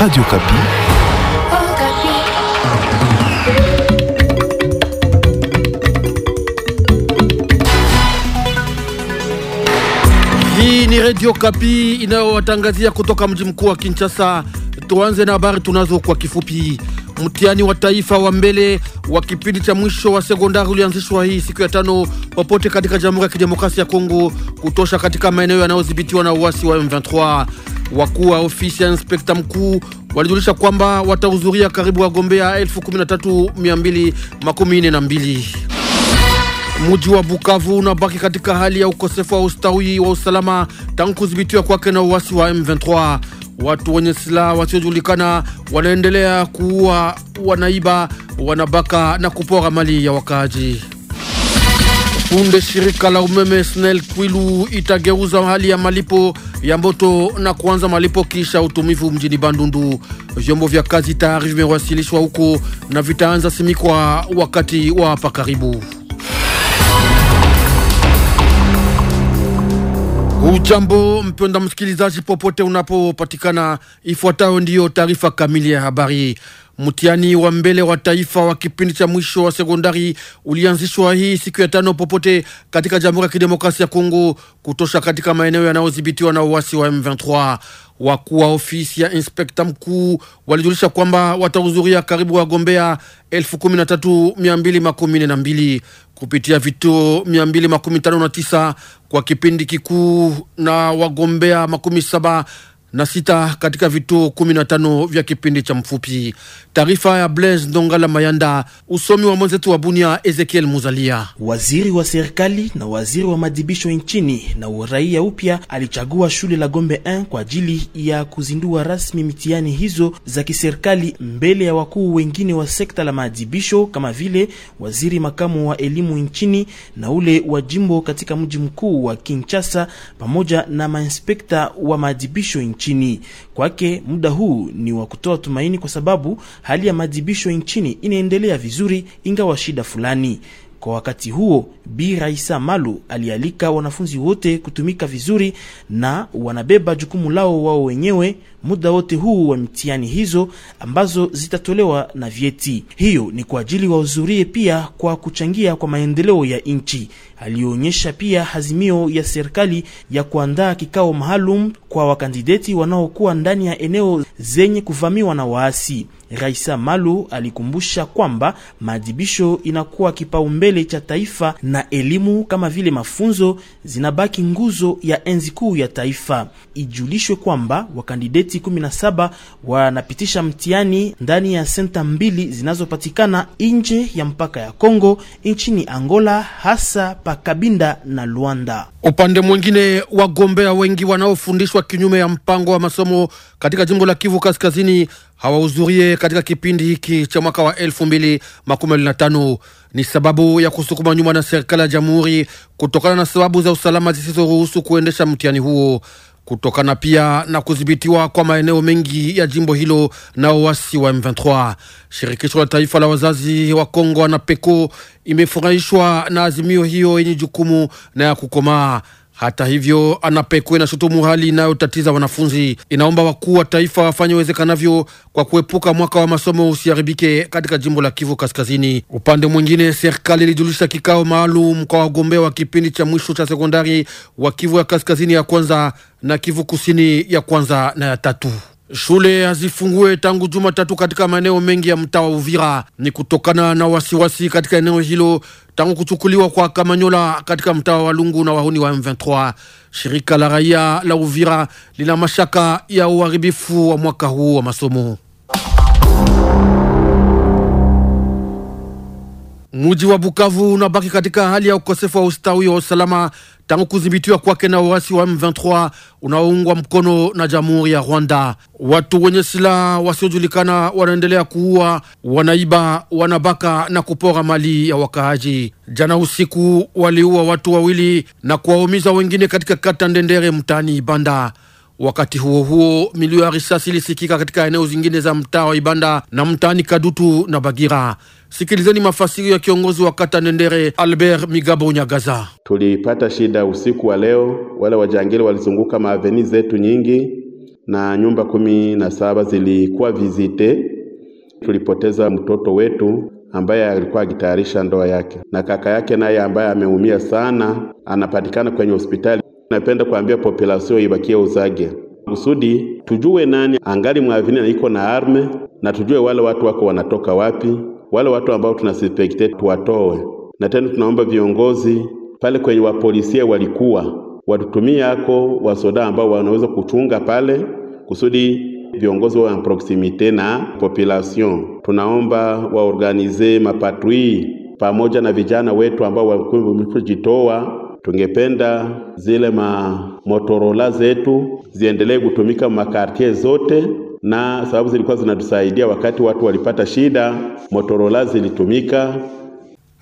Radio Kapi. Hii ni Radio Kapi inayowatangazia kutoka mji mkuu wa Kinshasa. Tuanze na habari tunazo kwa kifupi. Mtihani wa taifa wa mbele wa kipindi cha mwisho wa sekondari ulianzishwa hii siku ya tano popote katika Jamhuri ya Kidemokrasia ya Kongo, kutosha katika maeneo yanayodhibitiwa na uasi wa M23. Wakuu wa ofisi ya inspekta mkuu walijulisha kwamba watahudhuria karibu wagombea 13242. Mji wa Bukavu unabaki katika hali ya ukosefu wa ustawi wa usalama tangu kudhibitiwa kwake na uasi wa M23 watu wenye silaha wasiojulikana wanaendelea kuua, wanaiba, wanabaka na kupora mali ya wakaaji. Punde shirika la umeme SNEL Kwilu itageuza hali ya malipo ya mboto na kuanza malipo kisha utumivu mjini Bandundu. Vyombo vya kazi tayari vimewasilishwa huko na vitaanza simikwa wakati wa hapa karibu. Ujambo mpenda msikilizaji, popote unapopatikana, ifuatayo ndiyo taarifa kamili ya habari. Mtihani wa mbele wa taifa wa kipindi cha mwisho wa sekondari ulianzishwa hii siku ya tano popote katika Jamhuri ya Kidemokrasia ya Kongo, kutosha katika maeneo yanayodhibitiwa na uasi wa M23. Wakuu wa ofisi ya inspekta mkuu walijulisha kwamba watahudhuria karibu wagombea elfu kumi na tatu mia mbili makumi na mbili kupitia vituo 259 kwa kipindi kikuu na wagombea makumi saba na sita katika vituo 15 vya kipindi cha mfupi. Taarifa ya Blaise Ndongala Mayanda, usomi wa mwenzetu wa Bunia Ezekiel Muzalia. Waziri wa serikali na waziri wa madibisho nchini na uraia upya alichagua shule la Gombe 1 kwa ajili ya kuzindua rasmi mitihani hizo za kiserikali mbele ya wakuu wengine wa sekta la maadibisho kama vile waziri makamu wa elimu nchini na ule wa jimbo katika mji mkuu wa Kinshasa pamoja na mainspekta wa maadibisho nchini nchini. Kwake muda huu ni wa kutoa tumaini, kwa sababu hali ya madhibisho nchini inaendelea vizuri, ingawa shida fulani. Kwa wakati huo, Bi Raisa Malu alialika wanafunzi wote kutumika vizuri na wanabeba jukumu lao wao wenyewe muda wote huu wa mitiani hizo ambazo zitatolewa na vyeti. Hiyo ni kwa ajili wahudhurie pia kwa kuchangia kwa maendeleo ya nchi. Alionyesha pia hazimio ya serikali ya kuandaa kikao maalum kwa wakandideti wanaokuwa ndani ya eneo zenye kuvamiwa na waasi. Raisa Malu alikumbusha kwamba maadhibisho inakuwa kipaumbele cha taifa na elimu kama vile mafunzo zinabaki nguzo ya enzi kuu ya taifa. Ijulishwe kwamba wakandideti magazeti 17 wanapitisha mtihani ndani ya senta mbili zinazopatikana nje ya mpaka ya Kongo nchini Angola, hasa pa Kabinda na Luanda. Upande mwingine, wagombea wengi wanaofundishwa kinyume ya mpango wa masomo katika jimbo la Kivu Kaskazini hawahudhurie katika kipindi hiki cha mwaka wa elfu ni sababu ya kusukuma nyuma na serikali ya jamhuri kutokana na sababu za usalama zisizoruhusu kuendesha mtihani huo kutokana pia na kudhibitiwa kwa maeneo mengi ya jimbo hilo na uasi wa M23. Shirikisho la taifa la wazazi wa Kongo na Peko imefurahishwa na azimio hiyo yenye jukumu na ya kukomaa hata hivyo, anapekwe na shutumu hali inayotatiza wanafunzi. Inaomba wakuu wa taifa wafanye uwezekanavyo kwa kuepuka mwaka wa masomo usiharibike katika jimbo la Kivu Kaskazini. Upande mwingine, serikali ilijulisha kikao maalum kwa wagombea wa kipindi cha mwisho cha sekondari wa Kivu ya Kaskazini ya kwanza na Kivu Kusini ya kwanza na ya tatu. Shule hazifungue tangu Jumatatu katika maeneo mengi ya mtaa wa Uvira. Ni kutokana na wasiwasi katika eneo hilo tangu kuchukuliwa kwa Kamanyola katika mtaa wa Lungu na wahuni wa M23. Shirika la raia la Uvira lina mashaka ya uharibifu wa mwaka huu wa masomo. Mji wa Bukavu unabaki katika hali ya ukosefu wa ustawi wa usalama tangu kudhibitiwa kwake na uasi wa M23 unaoungwa mkono na Jamhuri ya Rwanda. Watu wenye silaha wasiojulikana wanaendelea kuua, wanaiba, wanabaka na kupora mali ya wakaaji. Jana usiku waliua watu wawili na kuwaumiza wengine katika kata Ndendere mtaani Banda. Wakati huo huo, milio ya risasi ilisikika katika eneo zingine za mtaa wa Ibanda na mtaani Kadutu na Bagira. Sikilizeni mafasiri ya kiongozi wa kata Nendere, Albert Migabo nyagaza Tulipata shida usiku wa leo, wale wajangili walizunguka maaveni zetu nyingi na nyumba kumi na saba zilikuwa vizite. Tulipoteza mtoto wetu ambaye alikuwa akitayarisha ndoa yake na kaka yake naye ambaye ameumia sana, anapatikana kwenye hospitali napenda kuambia populasio ibakie uzage kusudi tujue nani angali mwavini na iko na arme na tujue wale watu wako wanatoka wapi, wale watu ambao tunasuspekte tuwatoe. Na tena tunaomba viongozi pale kwenye wapolisia walikuwa watutumie ako wasoda ambao wanaweza kuchunga pale kusudi viongozi wa proximite na population. Tunaomba waorganize mapatrui pamoja na vijana wetu ambao wamekujitoa Tungependa zile ma Motorola zetu ziendelee kutumika makartie zote, na sababu zilikuwa zinatusaidia wakati watu walipata shida, Motorola zilitumika.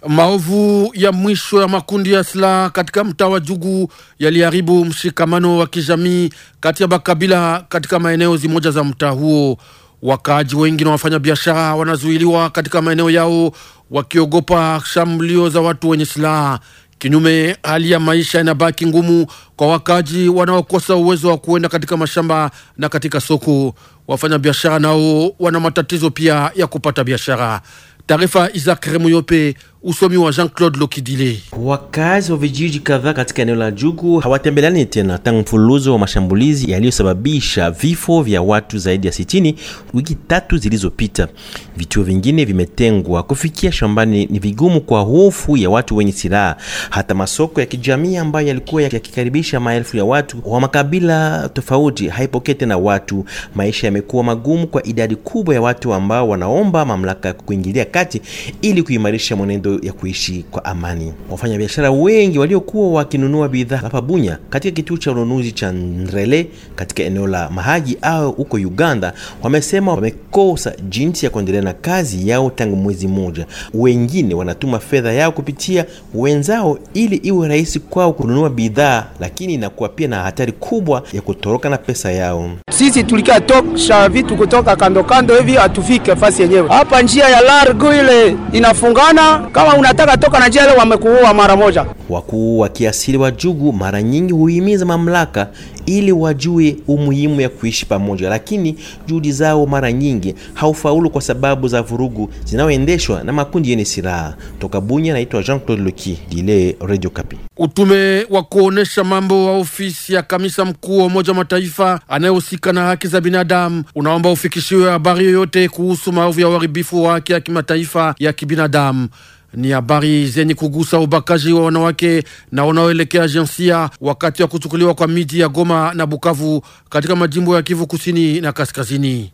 Maovu ya mwisho ya makundi ya silaha katika mtaa wa Jugu yaliharibu mshikamano wa kijamii kati ya makabila katika maeneo zimoja za mtaa huo. Wakaaji wengi na wafanya biashara wanazuiliwa katika maeneo yao wakiogopa shambulio za watu wenye silaha. Kinyume, hali ya maisha inabaki ngumu kwa wakaji wanaokosa uwezo wa kuenda katika mashamba na katika soko. Wafanyabiashara nao wana matatizo pia ya kupata biashara. Taarifa Isaac Remuyope Usomi wa Jean-Claude Lokidile. Wakazi wa vijiji kadhaa katika eneo la Jugu hawatembeleani tena tangu mfululizo wa mashambulizi yaliyosababisha vifo vya watu zaidi ya sitini wiki tatu zilizopita. Vituo vingine vimetengwa, kufikia shambani ni vigumu kwa hofu ya watu wenye silaha. Hata masoko ya kijamii ambayo yalikuwa yakikaribisha maelfu ya watu wa makabila tofauti haipokee tena watu. Maisha yamekuwa magumu kwa idadi kubwa ya watu ambao wanaomba mamlaka kuingilia kati ili kuimarisha mwenendo ya kuishi kwa amani. Wafanyabiashara wengi waliokuwa wakinunua bidhaa hapa Bunya katika kituo cha ununuzi cha Nrele katika eneo la Mahaji au huko Uganda wamesema wamekosa jinsi ya kuendelea na kazi yao tangu mwezi mmoja. Wengine wanatuma fedha yao kupitia wenzao ili iwe rahisi kwao kununua bidhaa, lakini inakuwa pia na hatari kubwa ya kutoroka na pesa yao. Sisi tulikatosha vitu kutoka kandokando hivi, hatufike fasi yenyewe hapa, njia ya largo ile inafungana kama unataka toka na jela, wamekuua mara moja. Wakuu wa kiasili wa Jugu mara nyingi huhimiza mamlaka ili wajue umuhimu ya kuishi pamoja, lakini juhudi zao mara nyingi haufaulu kwa sababu za vurugu zinazoendeshwa na makundi yenye silaha. Toka Bunya, naitwa Jean Claude Luki Dile, Radio Kapi. Utume wa kuonesha mambo wa ofisi ya kamisa mkuu wa Umoja Mataifa anayehusika na haki za binadamu unaomba ufikishiwe habari yoyote kuhusu maovu ya uharibifu wa haki ya kimataifa ya kibinadamu. Ni habari zenye kugusa ubakaji wa wanawake na wanaoelekea jinsia wakati wa kuchukuliwa kwa miji ya Goma na Bukavu katika majimbo ya Kivu Kusini na Kaskazini.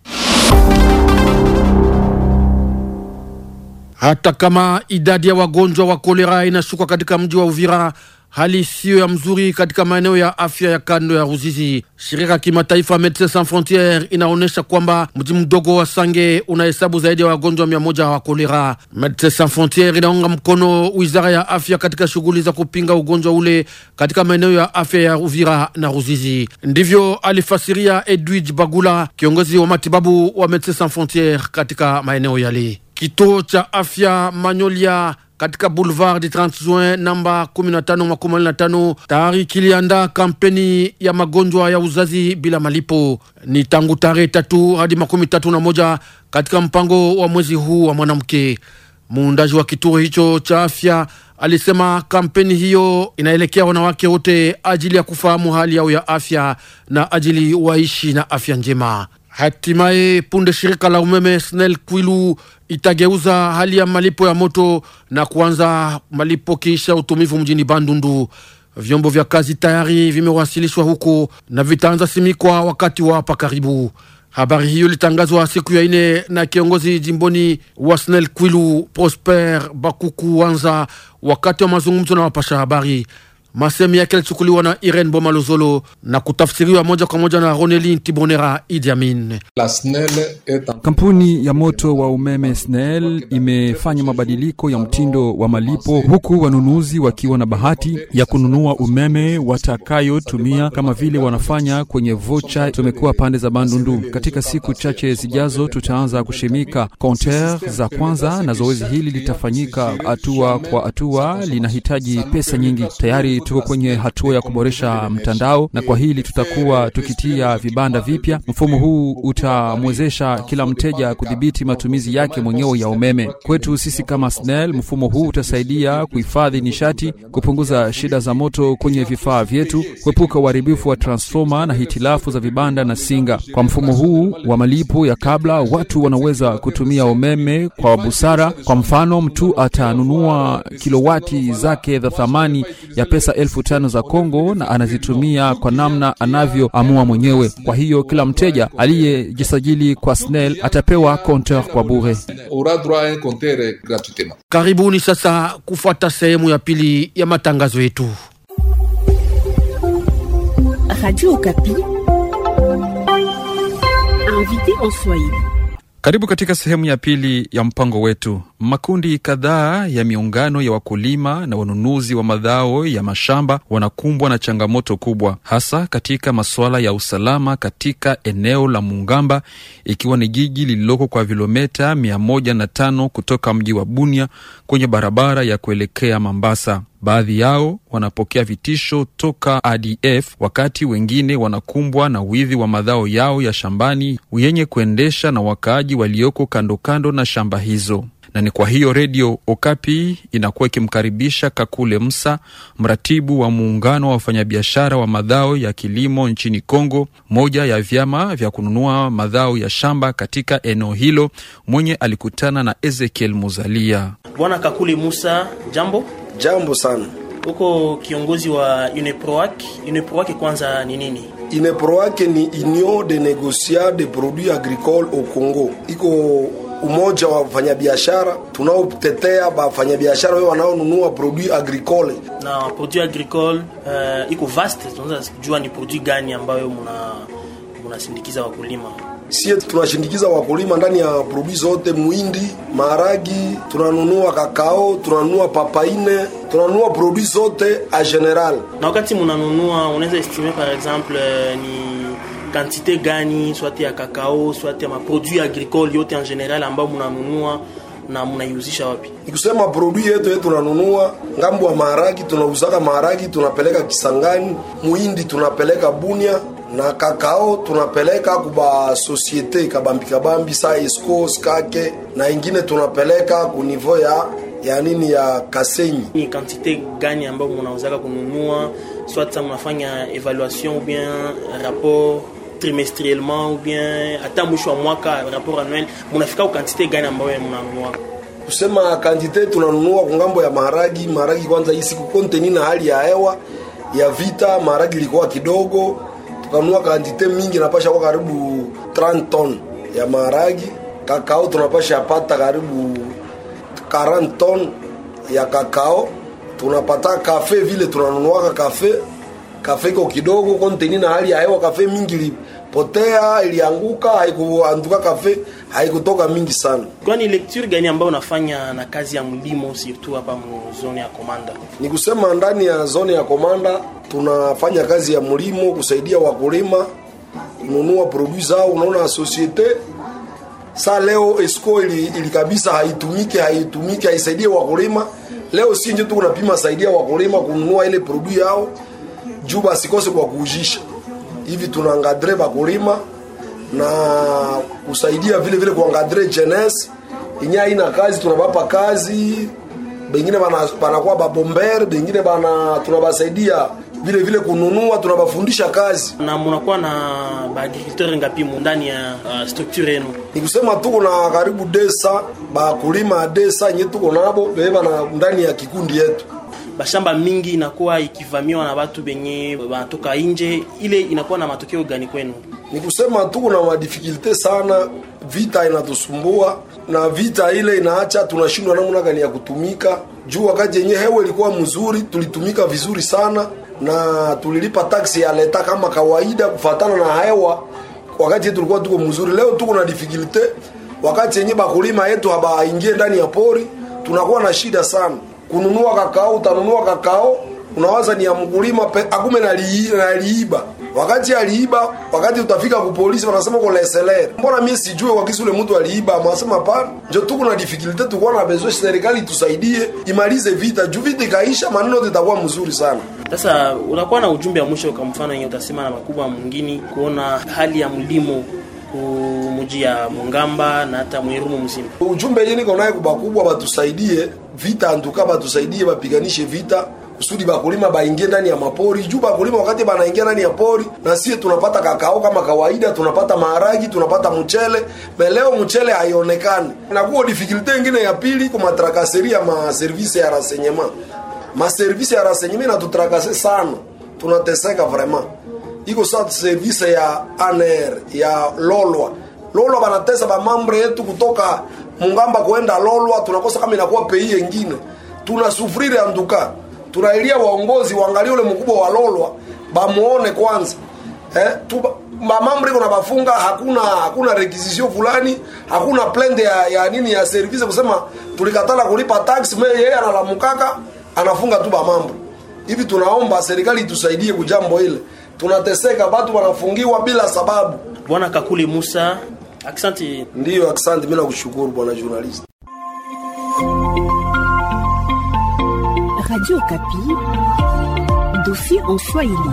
Hata kama idadi ya wagonjwa wa kolera inashuka katika mji wa Uvira hali siyo ya mzuri katika maeneo ya afya ya kando ya Ruzizi. Shirika kimataifa Medecins Sans Frontieres inaonyesha kwamba mji mdogo wa Sange unahesabu zaidi ya wagonjwa mia moja wa kolera. Medecins Sans Frontieres inaunga mkono wizara ya afya katika shughuli za kupinga ugonjwa ule katika maeneo ya afya ya Uvira na Ruzizi. Ndivyo alifasiria Edwige Bagula, kiongozi wa matibabu wa Medecins Sans Frontieres katika maeneo yale. Kituo cha afya Manyolia katika Boulevard du 30 Juin namba 1525 tayari kiliandaa kampeni ya magonjwa ya uzazi bila malipo. Ni tangu tarehe tatu hadi makumi tatu na moja katika mpango wa mwezi huu wa mwanamke. Muundaji wa kituo hicho cha afya alisema kampeni hiyo inaelekea wanawake wote ajili ya kufahamu hali yao ya afya na ajili waishi na afya njema. Hatimaye punde shirika la umeme SNEL Kwilu itageuza hali ya malipo ya moto na kuanza malipo kiisha utumivu mjini Bandundu. Vyombo vya kazi tayari vimewasilishwa huko na vitaanza simikwa wakati wa hapa karibu. Habari hiyo ilitangazwa siku ya ine na kiongozi jimboni wa SNEL Kwilu Prosper Bakuku Wanza wakati wa mazungumzo na wapasha habari. Masemi yake alichukuliwa na Irene Boma Luzolo na kutafsiriwa moja kwa moja na roneli Tibonera Idi Amin. Kampuni ya moto wa umeme SNEL imefanya mabadiliko ya mtindo wa malipo, huku wanunuzi wakiwa na bahati ya kununua umeme watakayotumia kama vile wanafanya kwenye vocha. Tumekuwa pande za Bandundu. Katika siku chache zijazo, tutaanza kushimika konter za kwanza, na zoezi hili litafanyika hatua kwa hatua. Linahitaji pesa nyingi tayari tuko kwenye hatua ya kuboresha mtandao, na kwa hili tutakuwa tukitia vibanda vipya. Mfumo huu utamwezesha kila mteja kudhibiti matumizi yake mwenyewe ya umeme. Kwetu sisi kama SNEL, mfumo huu utasaidia kuhifadhi nishati, kupunguza shida za moto kwenye vifaa vyetu, kuepuka uharibifu wa transfoma na hitilafu za vibanda na singa. Kwa mfumo huu wa malipo ya kabla, watu wanaweza kutumia umeme kwa busara. Kwa mfano, mtu atanunua kilowati zake za thamani ya pesa elfu tano za Kongo na anazitumia kwa namna anavyoamua mwenyewe. Kwa hiyo kila mteja aliyejisajili kwa SNEL atapewa konter kwa bure. Karibuni sasa kufuata sehemu ya pili ya matangazo yetu. Karibu katika sehemu ya pili ya mpango wetu Makundi kadhaa ya miungano ya wakulima na wanunuzi wa madhao ya mashamba wanakumbwa na changamoto kubwa, hasa katika masuala ya usalama katika eneo la Mungamba, ikiwa ni jiji lililoko kwa vilometa tano kutoka mji wa Bunia kwenye barabara ya kuelekea Mambasa. Baadhi yao wanapokea vitisho toka ADF wakati wengine wanakumbwa na wizi wa madhao yao ya shambani yenye kuendesha na wakaaji walioko kandokando na shamba hizo na ni kwa hiyo Redio Okapi inakuwa ikimkaribisha Kakule Msa, mratibu wa muungano wa wafanyabiashara wa madhao ya kilimo nchini Kongo, moja ya vyama vya kununua madhao ya shamba katika eneo hilo, mwenye alikutana na Ezekiel Muzalia. Bwana Kakule Musa, jambo. Jambo sana huko kiongozi wa UNEPROAC. UNEPROAC kwanza ni nini? UNEPROAC ni Union de Negociants de Produits Agricoles au Congo, iko umoja wa wafanyabiashara tunaotetea wafanyabiashara wao wanaonunua produit agricole na produit agricole. Uh, iko vast, tunaweza kujua ni produit gani ambayo mna mnasindikiza wakulima. Sie tunashindikiza wakulima ndani ya produit zote, muhindi, maragi tunanunua kakao, tunanunua papaine, tunanunua produit zote a general. Na wakati mnanunua, unaweza estimate par exemple eh, ni kantite gani, swati ya kakao, swati ya maproduit agricole yote en general ambayo mnanunua na mnaiuzisha wapi? Nikusema produit yetu yetu tunanunua ngambo ya maharagi, tunauzaka maharagi, tunapeleka Kisangani, muhindi tunapeleka Bunia na kakao tunapeleka kuba societe kabambi kabambi sa esco skake na ingine tunapeleka ku niveau ya ya nini ya Kasenyi. Ni quantité gani ambayo mnauzaka kununua, soit mnafanya evaluation ou bien rapport trimestriellement ou bien hata mwisho wa mwaka rapport annuel munafika quantité gani ambayo mnanunua? Kusema quantité tunanunua kwa ngambo ya maharagi. Maharagi kwanza hii siku konteni na hali ya hewa ya vita, maharagi ilikuwa kidogo, tukanunua quantité mingi, napasha kwa karibu 30 ton ya maharagi. Kakao tunapasha pata karibu 40 ton ya kakao. Tunapata kafe vile tunanunuaka kafe kafe iko kidogo konteni na hali ya hewa, kafe mingi ilipotea, ilianguka, haikuanduka kafe, haikutoka mingi sana. Kwani lecture gani ambayo unafanya na kazi ya mlimo surtout hapa mzone ya Komanda? Ni kusema ndani ya zone ya Komanda tunafanya kazi ya mlimo kusaidia wakulima kununua produits zao, unaona societe Sa leo esco ili, ili kabisa haitumiki haitumiki haisaidie wakulima. Leo si ndio tu unapima saidia wakulima kununua ile produit yao, juba sikose kwa kuujisha hivi tunaangadre bakulima na kusaidia vile vile kuangadre jenes inye aina kazi, tunabapa kazi, bengine banakuwa babombere, bengine bana tunabasaidia vile vile kununua, tunabafundisha kazi. Na munakuwa na baagriculteur ngapi ndani ya uh, structure yenu? Ni kusema tuko na karibu desa bakulima desa nye tuko nabo beba na ndani ya kikundi yetu bashamba mingi inakuwa ikivamiwa na watu benye wanatoka nje. Ile inakuwa na matokeo gani kwenu? Ni kusema tu na madifikulte sana, vita inatusumbua na vita ile inaacha tunashindwa namna gani ya kutumika juu. Wakati yenye hewa ilikuwa mzuri, tulitumika vizuri sana na tulilipa taksi ya leta kama kawaida kufatana na hewa. Wakati yetu tulikuwa tuko mzuri, leo tuko na difficulty. Wakati yenye bakulima yetu habaingie ndani ya pori, tunakuwa na shida sana kununua kakao, utanunua kakao unawaza ni ya mkulima, akume naliiba. Wakati aliiba, wakati utafika ku polisi wanasema ko leseler. Mbona mimi sijue kwa kisi ule mtu aliiba? Mwasema pana. Ndio tuko na difficulty tuko na besoin serikali tusaidie imalize vita. Juu vita kaisha, maneno itakuwa mzuri sana. Sasa unakuwa na ujumbe wa mwisho kwa mfano yenye utasema na makubwa mwingine kuona hali ya mlimo kumuji ya Mungamba na hata Mwirumu mzima. Ujumbe hii niko naye kubakubwa, batusaidie vita antuka, batusaidie bapiganishe vita kusudi bakulima baingie ndani ya mapori juu bakulima wakati banaingia ndani ya pori, na sisi tunapata kakao kama kawaida, tunapata maharagi, tunapata mchele meleo, mchele haionekani. Na kuwa difficulty nyingine ya pili kwa matrakaseri ya ma service ya renseignement, ma service ya renseignement na tutrakase sana, tunateseka vraiment iko centre service ya ANR ya Lolwa. Lolwa banatesa ba mambre yetu kutoka Mungamba kuenda Lolwa, tunakosa kama inakuwa pei nyingine. tunasufrire anduka, tunailia waongozi waangalie ule mkubwa wa Lolwa bamuone kwanza eh, tu, ba mambre kuna bafunga hakuna hakuna requisition fulani hakuna plan ya, ya nini ya service kusema tulikatala kulipa tax, me yeye analamukaka anafunga tu ba mambre. hivi. Tunaomba serikali itusaidie kujambo ile tunateseka, watu wanafungiwa bila sababu. Bwana Kakuli Musa, aksanti. Ndiyo, aksanti, mimi nakushukuru bwana journalist. Radio Kapi, dofi en Swahili.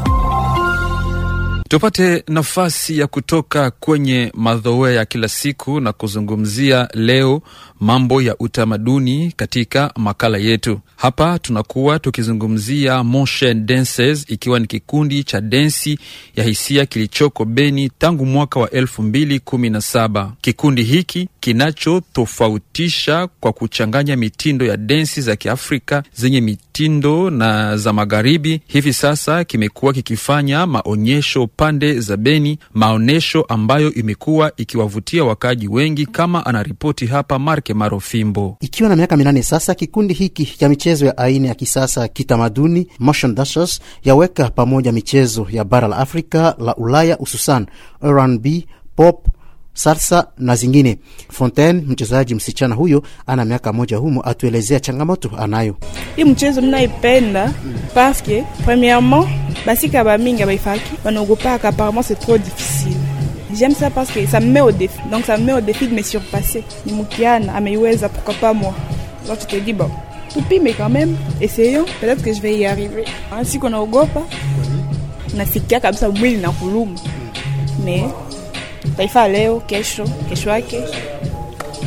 Tupate nafasi ya kutoka kwenye madhowe ya kila siku na kuzungumzia leo mambo ya utamaduni katika makala yetu. Hapa tunakuwa tukizungumzia Motion Dances, ikiwa ni kikundi cha densi ya hisia kilichoko Beni tangu mwaka wa elfu mbili kumi na saba. Kikundi hiki kinachotofautisha kwa kuchanganya mitindo ya densi za Kiafrika zenye mitindo na za magharibi, hivi sasa kimekuwa kikifanya maonyesho pande za Beni, maonyesho ambayo imekuwa ikiwavutia wakaaji wengi, kama anaripoti hapa Mark Kimaro Fimbo. Ikiwa na miaka minane sasa, kikundi hiki cha michezo ya aina ya kisasa kitamaduni Motion Dashers yaweka pamoja michezo ya bara la Afrika la Ulaya, hususan R&B, pop salsa na zingine. Fontaine, mchezaji msichana huyo, ana miaka moja humo, atuelezea changamoto anayo. Hii mchezo mnaipenda paske premierement basika bamingi abaifaki banaogopaka, apparemment c'est trop difficile J'aime ça parce que ça me met au défi. Donc ça me met au défi de me surpasser. Nimukiana, Ameweza, pourquoi pas moi Alors tu te dis, bon, mais quand même, essayons, peut-être que je vais y arriver. Ainsi hein, on a au gopa, nasikia kabisa mwili na kuluma. Mais bah, au au kesho, kesho yake,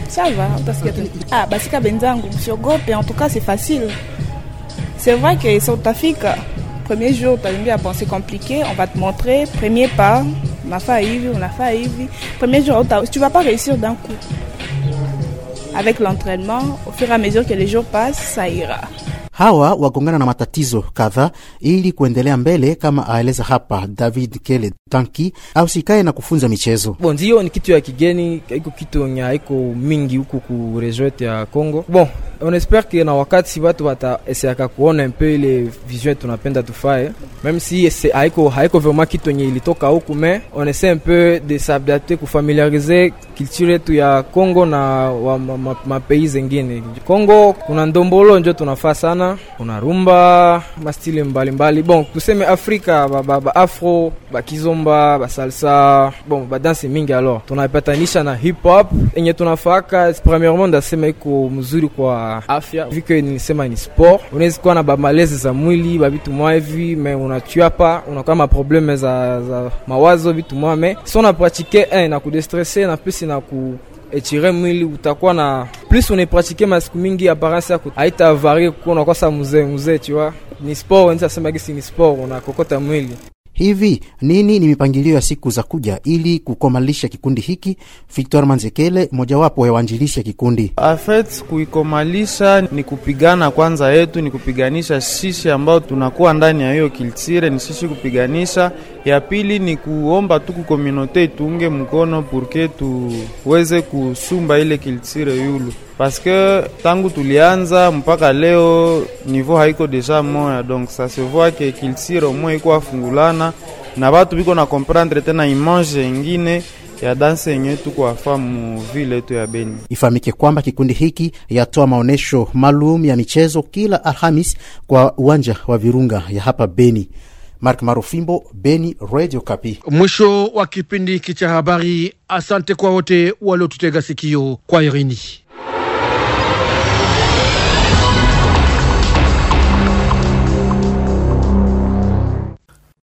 ça va. Parce que, ah, basika benzangu, et en tout cas c'est facile. C'est vrai que fille, le premier jour, tu as à penser compliqué, on va te montrer, premier pas, unafaa hivi, unafaa hivi. Premier jour, tu vas pas réussir d'un coup. Avec l'entraînement, au fur et à mesure que les jours passent, ça ira. Hawa wagongana na matatizo kadhaa ili kuendelea mbele, kama aeleza hapa David Kelly. tanki au sikae na kufunza michezo bon. Ndio ni kitu ya kigeni, iko kitu nya iko mingi huku ku resort ya Congo. Bon, on espere que na wakati watu wataeseaka kuona mpe ile vision tunapenda tufae, meme si haiko haiko vraiment kitu yenye ilitoka huku, me on essaie un peu de s'adapter kufamiliarize culture yetu ya Congo na wa mapei zengine. Congo kuna ndombolo njo tunafaa sana, kuna rumba mastile mbalimbali mbali. Bon tuseme Afrika ba, ba, ba afro bakizomba bomba basalsa bon badansi mingi alors tunaipatanisha na hip hop enye tunafaka premièrement ndasema iko mzuri kwa afya vu que nilisema ni sport unawezi kuwa na bamalezi za mwili babitu mwa hivi me unatua unakuwa maprobleme za, za mawazo vitu mwa me so napratike eh, na kudestresse na plus na ku etire mwili utakuwa na plus unaipratike masiku mingi aparence yako haitavarie kuwa unakosa muzee muzee tu vois ni sport wenzi ni sport unakokota mwili Hivi nini ni mipangilio ya siku za kuja ili kukomalisha kikundi hiki? Victor Manzekele, mojawapo ya waanjilishi ya kikundi afet, kuikomalisha ni kupigana kwanza yetu, ni kupiganisha sisi ambao tunakuwa ndani ya hiyo kiltire, ni sisi kupiganisha. Ya pili ni kuomba tu kukominote tuunge mkono purke tuweze kusumba ile kiltire yulu paske tangu tulianza mpaka leo nivo haiko deja moya, donc sasevoake kiltire moya iko afungulana tena na batu biko na comprendre tena image ingine ya danse yenye tukuafa vile yetu ya Beni. Ifahamike kwamba kikundi hiki yatoa maonesho maalum ya michezo kila Alhamis kwa uwanja wa Virunga ya hapa Beni. Mark Marufimbo, Beni, Radio Kapi. Mwisho wa kipindi hiki cha habari. Asante kwa wote waliotutega sikio kwa Irini.